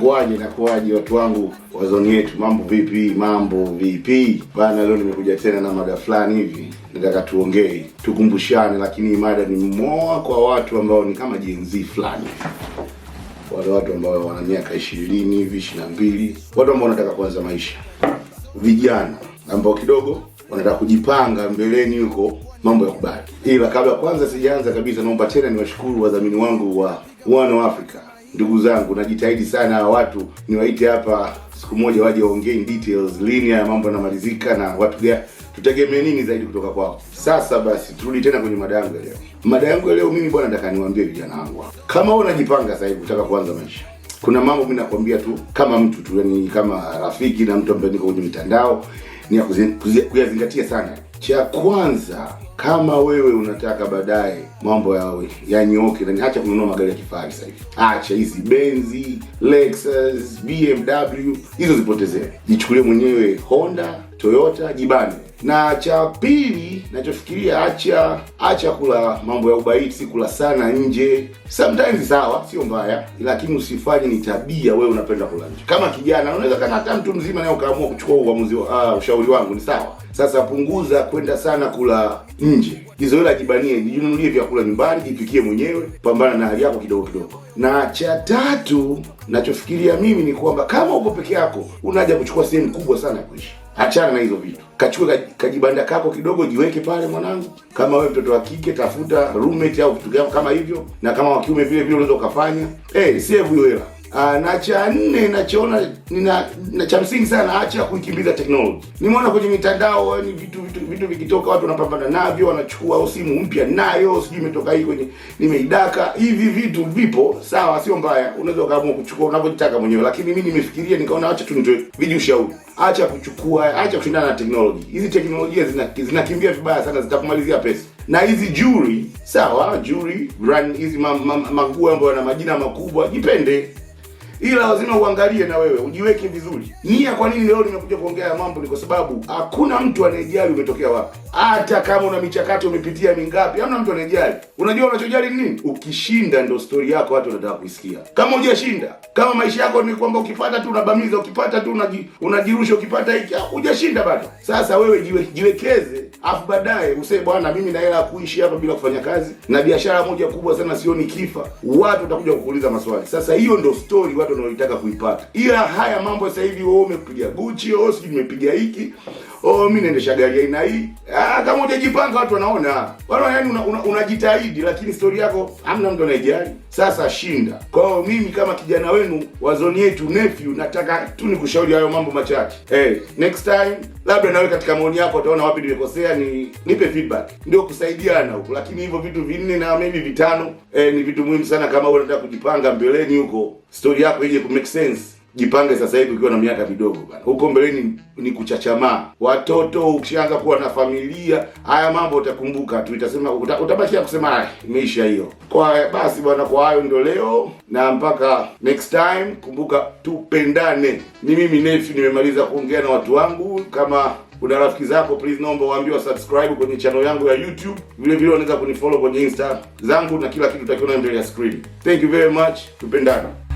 Inakuwaje, inakuwaje watu wangu wa zoni yetu, mambo vipi? Mambo vipi bana? Leo nimekuja tena na mada fulani hivi, nataka tuongee, tukumbushane, lakini mada ni moa kwa watu ambao ni kama Gen fulani, wale watu ambao wana miaka ishirini hivi ishirini na mbili, watu ambao wanataka kuanza maisha, vijana ambao kidogo wanataka kujipanga mbeleni huko mambo ya kubali. Ila kabla kwanza sijaanza kabisa, naomba tena niwashukuru wadhamini wangu wa One Africa ndugu zangu, najitahidi sana hawa watu niwaite hapa siku moja waje waongee in details, lini haya mambo yanamalizika na watu gani tutegemee nini zaidi kutoka kwao. Sasa basi, turudi tena kwenye mada yangu ya leo. Mada yangu ya leo mimi bwana, nataka niwaambie vijana wangu, kama wewe unajipanga sasa hivi unataka kuanza maisha, kuna mambo mimi nakwambia tu kama mtu tu, yani kama rafiki na mtu ambaye niko kwenye mitandao, ni kuyazingatia sana. Cha kwanza kama wewe unataka baadaye mambo yawe yanyoke, na acha kununua magari ya kifahari sasa hivi, acha hizi Benzi, Lexus, BMW hizo zipotezee, jichukulie mwenyewe Honda Toyota jibane. Na cha pili nachofikiria, acha acha kula mambo ya ubaiti, kula sana nje. Sometimes sawa, sio mbaya, lakini usifanye ni tabia wewe unapenda kula nje. Kama kijana unaweza kana hata mtu mzima naye ukaamua kuchukua uamuzi. Uh, ushauri wangu ni sawa. Sasa punguza kwenda sana kula nje. Giza la jibanie, jinunulie vyakula nyumbani, jipikie mwenyewe, pambana na hali yako kidogo kidogo. Na cha tatu nachofikiria mimi ni kwamba kama uko peke yako, unaja kuchukua sehemu kubwa sana ya kuishi. Achana na hizo vitu, kachukue kajibanda kako kidogo, jiweke pale mwanangu. Kama wewe mtoto wa kike, tafuta roommate au kitu kama hivyo, na kama wa kiume vile vile unaweza ukafanya. Hey, eh, save hiyo hela Ah, na cha nne nachoona na, na cha msingi sana, acha kuikimbiza teknolojia. Nimeona kwenye mitandao eh, ni vitu vitu vitu vikitoka, watu wanapambana navyo, wanachukua au simu mpya nayo sijui imetoka hii kwenye nimeidaka. Hivi vitu vipo sawa, sio mbaya, unaweza ukaamua kuchukua unavyotaka mwenyewe, lakini mimi nimefikiria nikaona, acha tu nitoe viji ushauri, acha kuchukua, acha kushindana na teknolojia. Hizi teknolojia zinakimbia vibaya sana, zitakumalizia pesa na hizi juri sawa, juri brand hizi manguo ambayo yana majina makubwa, jipende ila lazima uangalie na wewe ujiweke vizuri nia. Kwa nini leo nimekuja kuongea ya mambo? Ni kwa sababu hakuna mtu anayejali umetokea wapi, hata kama una michakato umepitia mingapi, hamna mtu anayejali. Unajua unachojali ni nini? Ukishinda ndo stori yako watu wanataka kuisikia. Kama hujashinda, kama maisha yako ni kwamba ukipata tu unabamiza, ukipata tu unaji, unajirusha, ukipata hiki hujashinda bado. Sasa wewe jiwe, jiwekeze afu baadaye useme bwana, mimi na hela kuishi hapa bila kufanya kazi, na biashara moja kubwa sana sioni kifa. Watu watakuja kukuuliza maswali. Sasa hiyo ndo story watu wanaoitaka kuipata, ila haya mambo sasa hivi, wewe umepiga Gucci, au sijui umepiga hiki oh, mimi naendesha gari aina hii. Ah, kama hujajipanga watu wanaona. Wala yaani unajitahidi una, una lakini story yako hamna mtu anayejali. Sasa shinda. Kwa hiyo mimi kama kijana wenu wa zoni yetu nephew, nataka tu nikushauri hayo mambo machache. Hey, eh, next time labda nawe katika maoni yako utaona wapi nimekosea, ni nipe feedback. Ndio kusaidiana huko. Lakini hivyo vitu vinne na maybe vitano eh, ni vitu muhimu sana kama wewe unataka kujipanga mbeleni huko. Story yako ije ku make sense. Jipange sasa hivi ukiwa na miaka midogo bana. Huko mbeleni ni, kuchachamaa. Watoto ukishaanza kuwa na familia, haya mambo utakumbuka tu, itasema utabakia kusema imeisha hiyo. Kwa basi bwana, kwa hayo ndio leo na mpaka next time, kumbuka tupendane. Ni mimi Nefi, nimemaliza kuongea na watu wangu. Kama una rafiki zako, please naomba waambie subscribe kwenye channel yangu ya YouTube. Vile vile unaweza kunifollow kwenye Insta zangu na kila kitu utakiona mbele ya screen. Thank you very much, tupendane.